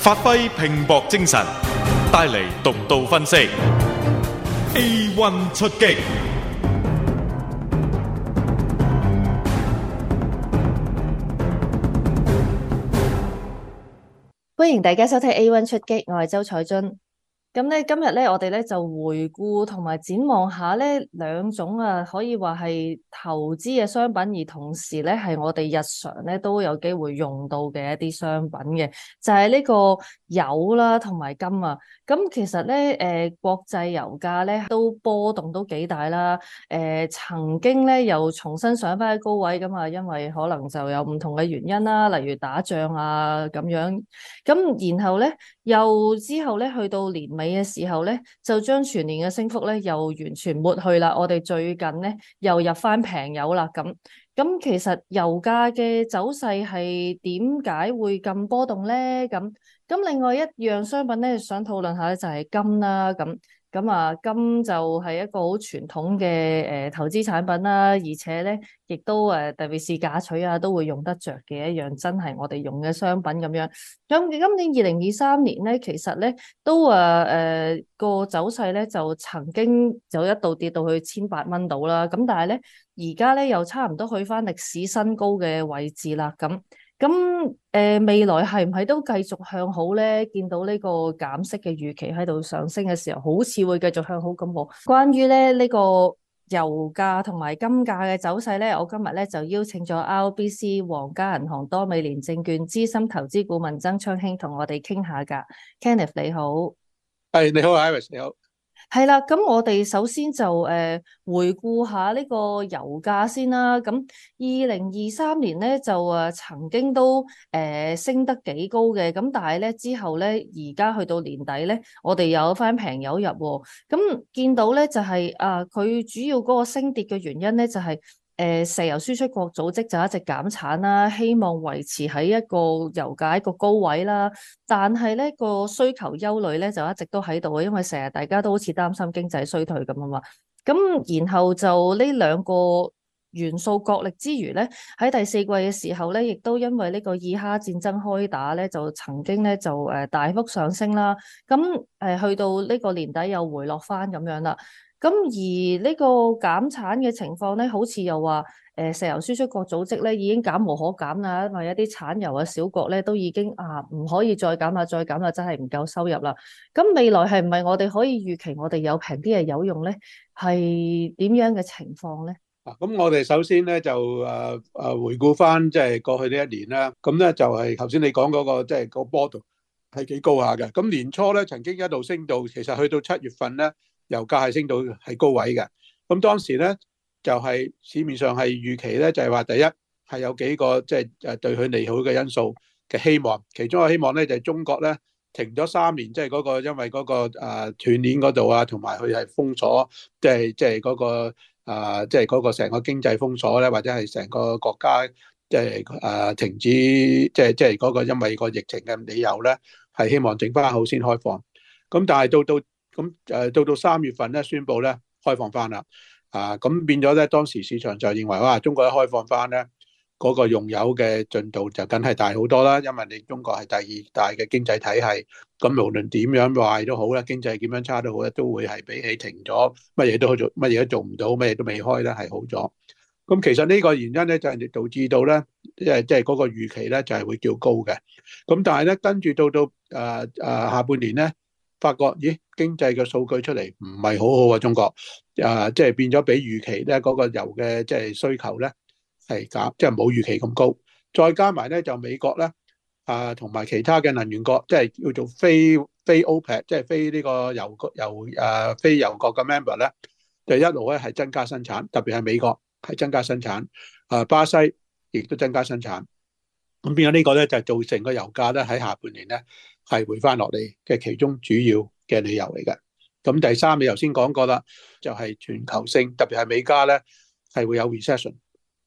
發揮拼搏精神，帶嚟獨到分析。A one 出擊，歡迎大家收睇 A one 出擊，我係周彩俊。咁咧，今日咧，我哋咧就回顧同埋展望下咧兩種啊，可以話係投資嘅商品，而同時咧係我哋日常咧都有機會用到嘅一啲商品嘅，就係呢個油啦，同埋金啊。咁其實咧，誒，國際油價咧都波動都幾大啦。誒，曾經咧又重新上翻喺高位咁啊，因為可能就有唔同嘅原因啦，例如打仗啊咁樣。咁然後咧，又之後咧去到年。尾嘅時候咧，就將全年嘅升幅咧，又完全抹去啦。我哋最近咧，又入返平油啦。咁咁，其實油價嘅走勢係點解會咁波動咧？咁咁，另外一樣商品咧，想討論下咧，就係金啦。咁。咁啊，金就係一個好傳統嘅誒、呃、投資產品啦，而且咧，亦都誒特別是嫁娶啊，都會用得着嘅一樣，真係我哋用嘅商品咁樣。咁今年二零二三年咧，其實咧都啊誒個、呃、走勢咧，就曾經就一度跌到去千八蚊度啦。咁但係咧，而家咧又差唔多去翻歷史新高嘅位置啦。咁咁誒未來係唔係都繼續向好咧？見到呢個減息嘅預期喺度上升嘅時候，好似會繼續向好咁。我關於咧呢個油價同埋金價嘅走勢咧，我今日咧就邀請咗 RBC 皇家銀行多美年證券資深投資顧問曾昌興同我哋傾下㗎。Kenneth，你好，係你好，Iris，你好。係啦，咁我哋首先就誒、呃、回顧下呢個油價先啦。咁二零二三年咧就誒曾經都誒、呃、升得幾高嘅，咁但係咧之後咧而家去到年底咧，我哋有翻平油入，咁見到咧就係、是、啊，佢、呃、主要嗰個升跌嘅原因咧就係、是。誒、呃、石油輸出國組織就一直減產啦，希望維持喺一個油價一個高位啦。但係咧個需求憂慮咧就一直都喺度啊，因為成日大家都好似擔心經濟衰退咁啊嘛。咁然後就呢兩個元素角力之餘咧，喺第四季嘅時候咧，亦都因為呢個以哈戰爭開打咧，就曾經咧就誒大幅上升啦。咁誒去到呢個年底又回落翻咁樣啦。咁而呢個減產嘅情況咧，好似又話誒石油輸出國組織咧已經減無可減啦，因為一啲產油嘅小國咧都已經啊唔可以再減啊，再減啊真係唔夠收入啦。咁未來係唔係我哋可以預期我哋有平啲嘅有用咧？係點樣嘅情況咧？嗱，咁我哋首先咧就誒誒回顧翻即係過去呢一年啦。咁咧就係頭先你講嗰個即係個波動係幾高下嘅。咁年初咧曾經一度升到，其實去到七月份咧。油價係升到係高位嘅，咁當時咧就係市面上係預期咧就係話第一係有幾個即係誒對佢利好嘅因素嘅希望，其中一個希望咧就係中國咧停咗三年，即係嗰個因為嗰個誒斷鏈嗰度啊，同埋佢係封鎖，即係即係嗰個啊，即係嗰個成個經濟封鎖咧，或者係成個國家即係誒停止，即係即係嗰個因為個疫情嘅理由咧，係希望整翻好先開放。咁但係到到。咁誒到到三月份咧，宣布咧開放翻啦，啊咁變咗咧，當時市場就認為哇，中國一開放翻咧，嗰個用油嘅進度就梗係大好多啦，因為你中國係第二大嘅經濟體系，咁無論點樣壞都好啦，經濟點樣差都好啦，都會係比起停咗，乜嘢都做，乜嘢都做唔到，乜嘢都未開咧，係好咗。咁其實呢個原因咧，就係導致到咧，即係即係嗰個預期咧，就係會叫高嘅。咁但係咧，跟住到到誒誒下半年咧。發覺咦，經濟嘅數據出嚟唔係好好啊！中國啊，即係變咗比預期咧嗰，嗰個油嘅即係需求咧係減，即係冇預期咁高。再加埋咧就美國咧啊，同埋其他嘅能源國，即係叫做非非 OPEC，即係非呢個油國油啊，非油國嘅 member 咧，就一路咧係增加生產，特別係美國係增加生產，啊巴西亦都增加生產。咁變咗呢個咧，就係造成個油價咧喺下半年咧係回翻落嚟嘅其中主要嘅理由嚟嘅。咁第三你頭先講過啦，就係全球性，特別係美加咧係會有 recession。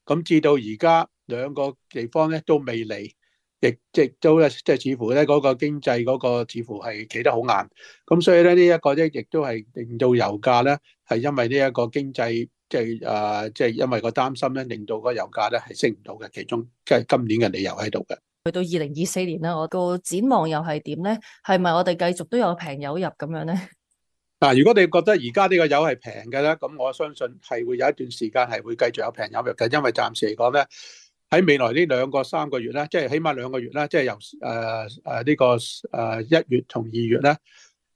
咁至到而家兩個地方咧都未嚟，亦即係都咧即係似乎咧嗰個經濟嗰個似乎係企得好硬。咁所以咧呢一個咧亦都係令到油價咧係因為呢一個經濟。即係誒，即係因為個擔心咧，令到個油價咧係升唔到嘅。其中即係今年嘅理由喺度嘅。去到二零二四年咧，我個展望又係點咧？係咪我哋繼續都有平油入咁樣咧？嗱，如果你覺得而家呢個油係平嘅咧，咁我相信係會有一段時間係會繼續有平油入嘅。因為暫時嚟講咧，喺未來呢兩個三個月咧，即係起碼兩個月啦，即係由誒誒呢個誒一月同二月咧，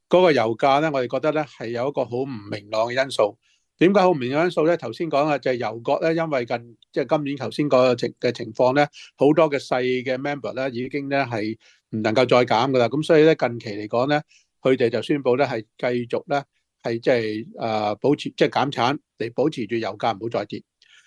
嗰個油價咧，我哋覺得咧係有一個好唔明朗嘅因素。點解好明顯因素咧？頭先講啦，就係油國咧，因為近即係今年頭先個情嘅情況咧，好多嘅細嘅 member 咧已經咧係唔能夠再減噶啦。咁所以咧近期嚟講咧，佢哋就宣布咧係繼續咧係即係誒保持即係減產嚟保持住油價唔好再跌。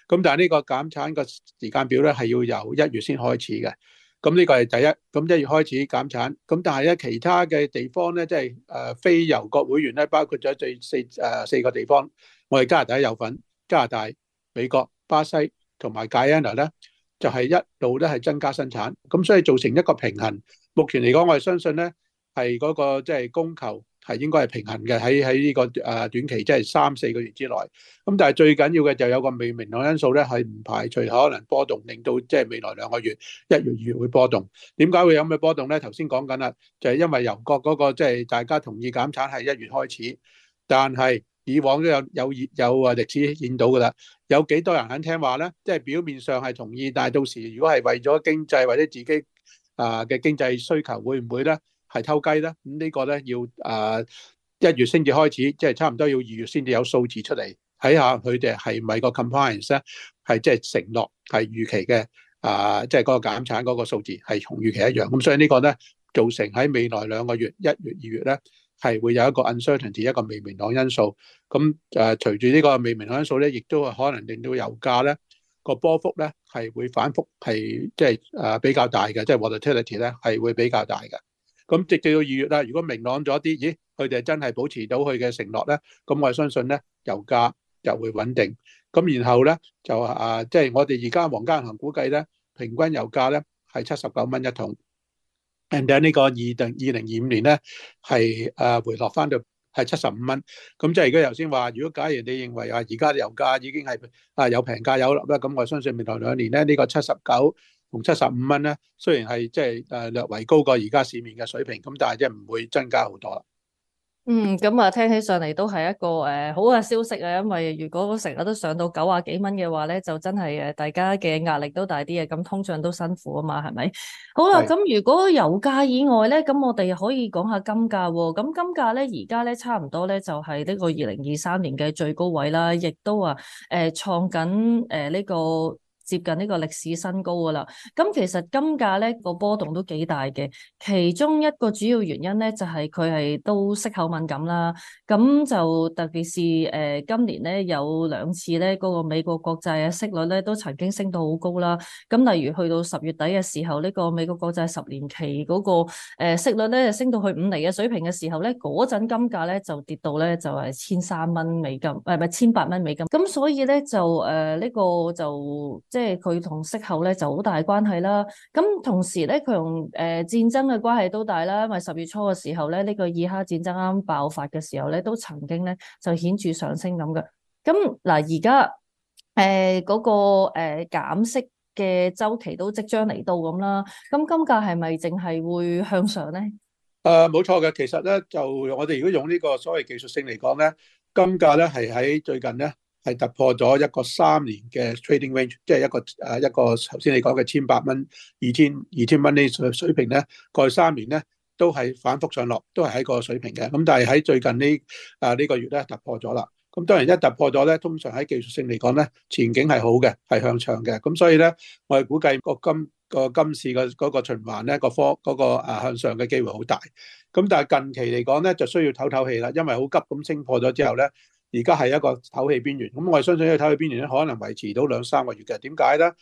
咁但係呢個減產個時間表咧係要由一月先開始嘅。咁呢個係第一。咁一月開始減產。咁但係咧其他嘅地方咧，即係誒非油國會員咧，包括咗最四誒四個地方。我哋加拿大有份，加拿大、美國、巴西同埋 Guyana 咧，就係一路都係增加生產，咁所以造成一個平衡。目前嚟講，我係相信咧係嗰個即係供求係應該係平衡嘅，喺喺呢個誒短期即係三四個月之內。咁但係最緊要嘅就有個未明朗因素咧，係唔排除可能波動，令到即係未來兩個月一月二月會波動。點解會有咁嘅波動咧？頭先講緊啊，就係因為油國嗰個即係大家同意減產係一月開始，但係。以往都有有有啊歷史演到㗎啦，有幾多人肯聽話咧？即係表面上係同意，但係到時如果係為咗經濟或者自己啊嘅經濟需求，會唔會咧係偷雞咧？咁呢個咧要啊一月先至開始，即係差唔多要二月先至有數字出嚟，睇下佢哋係咪個 compliance 咧，係即係承諾係預期嘅啊，即係嗰個減產嗰個數字係同預期一樣。咁所以呢個咧造成喺未來兩個月一月二月咧。係會有一個 uncertainty，一個未明朗因素，咁誒隨住呢個未明朗因素咧，亦都係可能令到油價咧個波幅咧係會反覆係即係誒比較大嘅，即係 volatility 咧係會比較大嘅。咁直至到二月啦，如果明朗咗啲，咦佢哋真係保持到佢嘅承諾咧，咁我相信咧油價就會穩定。咁然後咧就啊即係我哋而家皇家銀行估計咧平均油價咧係七十九蚊一桶。誒喺呢個二零二零二五年咧，係、uh, 誒回落翻到係七十五蚊。咁即係如果頭先話，如果假如你認為話而家嘅油價已經係啊有平價油啦，咁我相信未來兩年咧呢、這個七十九同七十五蚊咧，雖然係即係誒略為高過而家市面嘅水平，咁但係即係唔會增加好多啦。嗯，咁啊，聽起上嚟都係一個誒、呃、好嘅消息啊，因為如果成日都上到九啊幾蚊嘅話咧，就真係誒大家嘅壓力都大啲啊，咁通脹都辛苦啊嘛，係咪？好啦，咁是如果油價以外咧，咁我哋可以講下金價喎、哦，咁金價咧，而家咧差唔多咧，就係呢個二零二三年嘅最高位啦，亦都啊誒、呃、創緊誒呢個。接近呢個歷史新高噶啦，咁其實金價咧個波動都幾大嘅，其中一個主要原因咧就係佢係都息口敏感啦，咁就特別是誒、呃、今年咧有兩次咧嗰、那個美國國債嘅息率咧都曾經升到好高啦，咁例如去到十月底嘅時候，呢、這個美國國債十年期嗰、那個、呃、息率咧升到去五厘嘅水平嘅時候咧，嗰陣金價咧就跌到咧就係千三蚊美金，誒唔係千八蚊美金，咁所以咧就誒呢、呃這個就即係佢同息口咧就好大關係啦，咁同時咧佢同誒戰爭嘅關係都大啦，因為十月初嘅時候咧呢個以哈戰爭啱爆發嘅時候咧都曾經咧就顯著上升咁嘅，咁嗱而家誒嗰個誒減息嘅週期都即將嚟到咁啦，咁金價係咪淨係會向上咧？誒，冇錯嘅，其實咧就我哋如果用呢個所謂技術性嚟講咧，金價咧係喺最近咧。係突破咗一個三年嘅 trading range，即係一個誒一個 1,，頭先你講嘅千八蚊、二千二千蚊呢水水平咧，過去三年咧都係反覆上落，都係喺個水平嘅。咁但係喺最近呢誒呢個月咧突破咗啦。咁當然一突破咗咧，通常喺技術性嚟講咧，前景係好嘅，係向上嘅。咁所以咧，我哋估計個金個金市嘅嗰個循環咧，嗰個科、嗰個誒向上嘅機會好大。咁但係近期嚟講咧，就需要唞唞氣啦，因為好急咁升破咗之後咧。而家係一個唞氣邊緣，咁我係相信呢個唞氣邊緣咧，可能維持到兩三個月嘅。點解咧？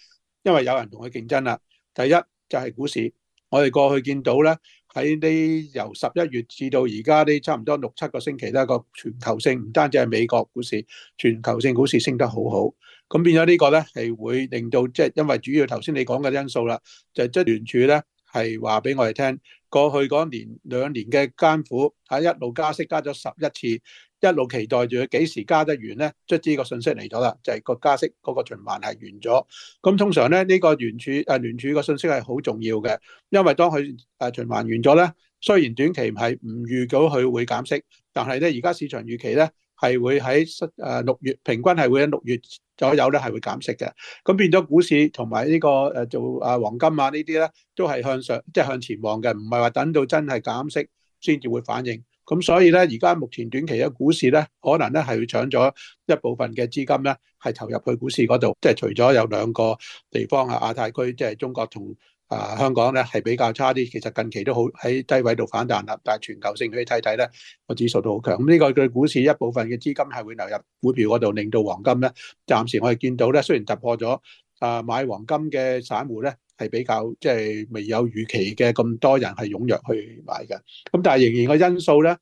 因為有人同佢競爭啦。第一就係、是、股市，我哋過去見到咧，喺呢由十一月至到而家呢，差唔多六七個星期啦，個全球性唔單止係美國股市，全球性股市升得好好，咁變咗呢個咧係會令到即係、就是、因為主要頭先你講嘅因素啦，就係即係聯儲咧。係話俾我哋聽，過去嗰年兩年嘅艱苦，喺一路加息加咗十一次，一路期待住佢幾時加得完咧。即咗個信息嚟咗啦，就係、是、個加息嗰、那個循環係完咗。咁通常咧呢、這個聯儲誒、啊、聯儲個信息係好重要嘅，因為當佢誒循環完咗咧，雖然短期係唔預到佢會減息，但係咧而家市場預期咧。係會喺誒六月平均係會喺六月左右咧，係會減息嘅。咁變咗股市同埋呢個誒做啊黃金啊呢啲咧，都係向上即係、就是、向前望嘅，唔係話等到真係減息先至會反應。咁所以咧，而家目前短期嘅股市咧，可能咧係搶咗一部分嘅資金咧，係投入去股市嗰度。即係除咗有兩個地方啊，亞太區即係、就是、中國同。啊，香港咧係比較差啲，其實近期都好喺低位度反彈啦。但係全球性，去睇睇咧，指數嗯，這個指數都好強。咁呢個嘅股市一部分嘅資金係會流入股票嗰度，令到黃金咧，暫時我哋見到咧，雖然突破咗，啊買黃金嘅散戶咧係比較即係未有預期嘅咁多人係踴躍去買嘅。咁但係仍然個因素咧。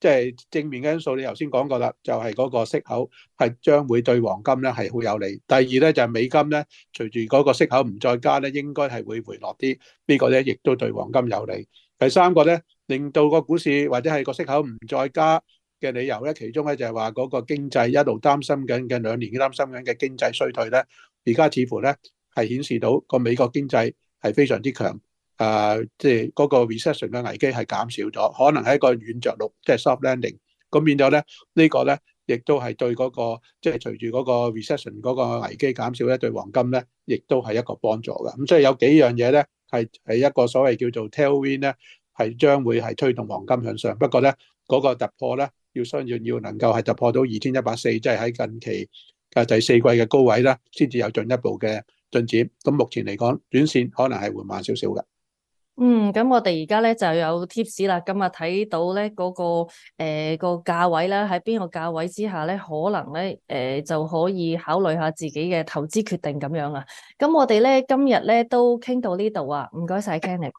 即係正面嘅因素，你頭先講過啦，就係、是、嗰個息口係將會對黃金咧係好有利。第二咧就係、是、美金咧，隨住嗰個息口唔再加咧，應該係會回落啲。這個、呢個咧亦都對黃金有利。第三個咧令到個股市或者係個息口唔再加嘅理由咧，其中咧就係話嗰個經濟一路擔心緊嘅兩年嘅擔心緊嘅經濟衰退咧，而家似乎咧係顯示到個美國經濟係非常之強。啊，即係嗰個 recession 嘅危機係減少咗，可能係一個軟著陸，即係 soft landing。咁變咗咧，呢個咧亦都係對嗰個即係隨住嗰個 recession 嗰個危機減少咧，對黃金咧亦都係一個幫助嘅。咁所以有幾樣嘢咧，係係一個所謂叫做 tailwind 咧，係將會係推動黃金向上。不過咧，嗰個突破咧，要相應要能夠係突破到二千一百四，即係喺近期嘅第四季嘅高位啦，先至有進一步嘅進展。咁目前嚟講，短線可能係緩慢少少嘅。嗯，咁我哋而家咧就有 tips 啦。咁啊、那個，睇到咧嗰個誒個價位啦，喺邊個價位之下咧，可能咧誒、呃、就可以考慮下自己嘅投資決定咁樣啊。咁我哋咧今日咧都傾到呢度啊，唔該晒，Kenny。